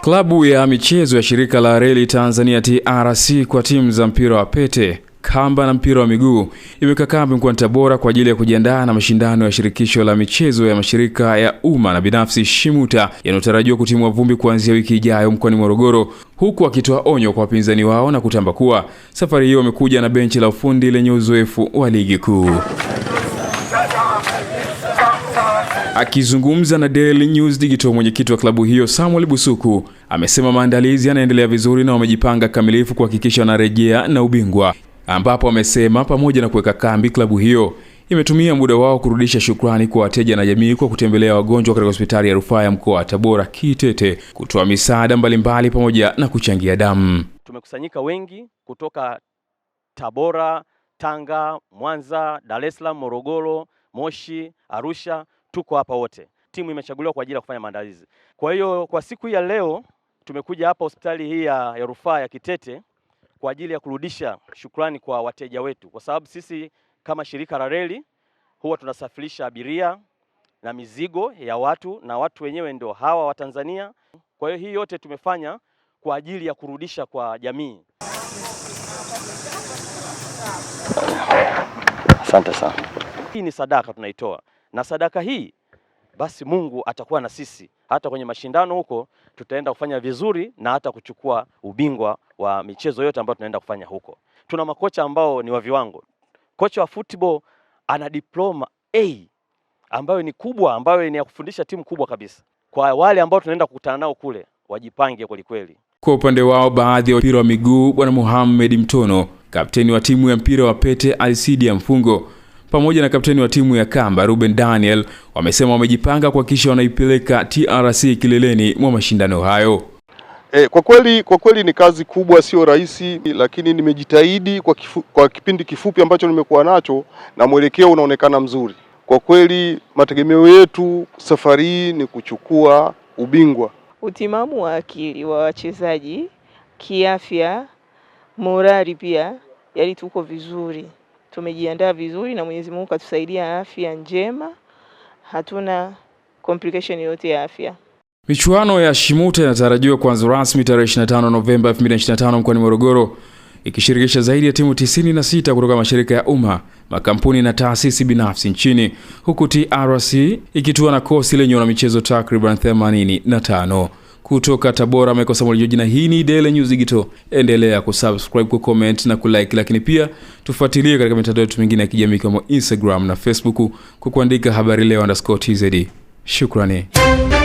Klabu ya michezo ya shirika la reli Tanzania TRC kwa timu za mpira wa pete, kamba na mpira wa miguu imeweka kambi mkoani Tabora kwa ajili ya kujiandaa na mashindano ya shirikisho la michezo ya mashirika ya umma na binafsi SHIMUTA yanayotarajiwa kutimua vumbi kuanzia wiki ijayo mkoani Morogoro, huku akitoa onyo kwa wapinzani wao na kutamba kuwa safari hiyo wamekuja na benchi la ufundi lenye uzoefu wa ligi kuu. Akizungumza na Daily News Digital, mwenyekiti wa klabu hiyo Samuel Busuku amesema maandalizi yanaendelea vizuri na wamejipanga kamilifu kuhakikisha wanarejea na ubingwa, ambapo amesema pamoja na kuweka kambi, klabu hiyo imetumia muda wao kurudisha shukrani kwa wateja na jamii kwa kutembelea wagonjwa katika hospitali ya rufaa ya mkoa wa Tabora Kitete, kutoa misaada mbalimbali pamoja na kuchangia damu. Tumekusanyika wengi kutoka Tabora, Tanga, Mwanza, Dar es Salaam, Morogoro, Moshi, Arusha tuko hapa wote, timu imechaguliwa kwa ajili ya kufanya maandalizi. Kwa hiyo kwa siku ya leo tumekuja hapa hospitali hii ya, ya rufaa ya Kitete kwa ajili ya kurudisha shukrani kwa wateja wetu, kwa sababu sisi kama shirika la reli huwa tunasafirisha abiria na mizigo ya watu na watu wenyewe ndio hawa wa Tanzania. Kwa hiyo hii yote tumefanya kwa ajili ya kurudisha kwa jamii. Asante sana. Hii ni sadaka tunaitoa na sadaka hii, basi Mungu atakuwa na sisi hata kwenye mashindano huko, tutaenda kufanya vizuri na hata kuchukua ubingwa wa michezo yote ambayo tunaenda kufanya huko. Tuna makocha ambao ni wa viwango. Kocha wa football ana diploma A ambayo ni kubwa, ambayo ni ya kufundisha timu kubwa kabisa. Kwa wale ambao tunaenda kukutana nao kule, wajipange kwelikweli. Kwa upande wao, baadhi ya mpira wa miguu, bwana Muhammad Mtono, kapteni wa timu ya mpira wa pete Alcidia Mfungo pamoja na kapteni wa timu ya Kamba Ruben Daniel wamesema wamejipanga kuhakikisha wanaipeleka TRC kileleni mwa mashindano hayo. E, kwa kweli kwa kweli ni kazi kubwa, sio rahisi, lakini nimejitahidi kwa, kifu, kwa kipindi kifupi ambacho nimekuwa nacho na mwelekeo unaonekana mzuri. Kwa kweli mategemeo yetu safari hii ni kuchukua ubingwa. Utimamu wa akili wa wachezaji, kiafya, morali pia, yaani tuko vizuri tumejiandaa vizuri na Mwenyezi Mungu katusaidia afya njema, hatuna complication yoyote ya afya. Michuano ya Shimuta inatarajiwa kuanza rasmi tarehe 25 Novemba 2025 mkoani Morogoro, ikishirikisha zaidi ya timu 96 kutoka mashirika ya umma, makampuni na taasisi binafsi nchini, huku TRC ikitua na kosi lenye wanamichezo takriban 85 kutoka Tabora amekosa Samuel na hii ni Daily News Digital. Endelea kusubscribe, kucomment na kulike, lakini pia tufuatilie katika mitandao yetu mingine ya kijamii kama Instagram na Facebook kwa kuandika habari leo underscore tz. Shukrani.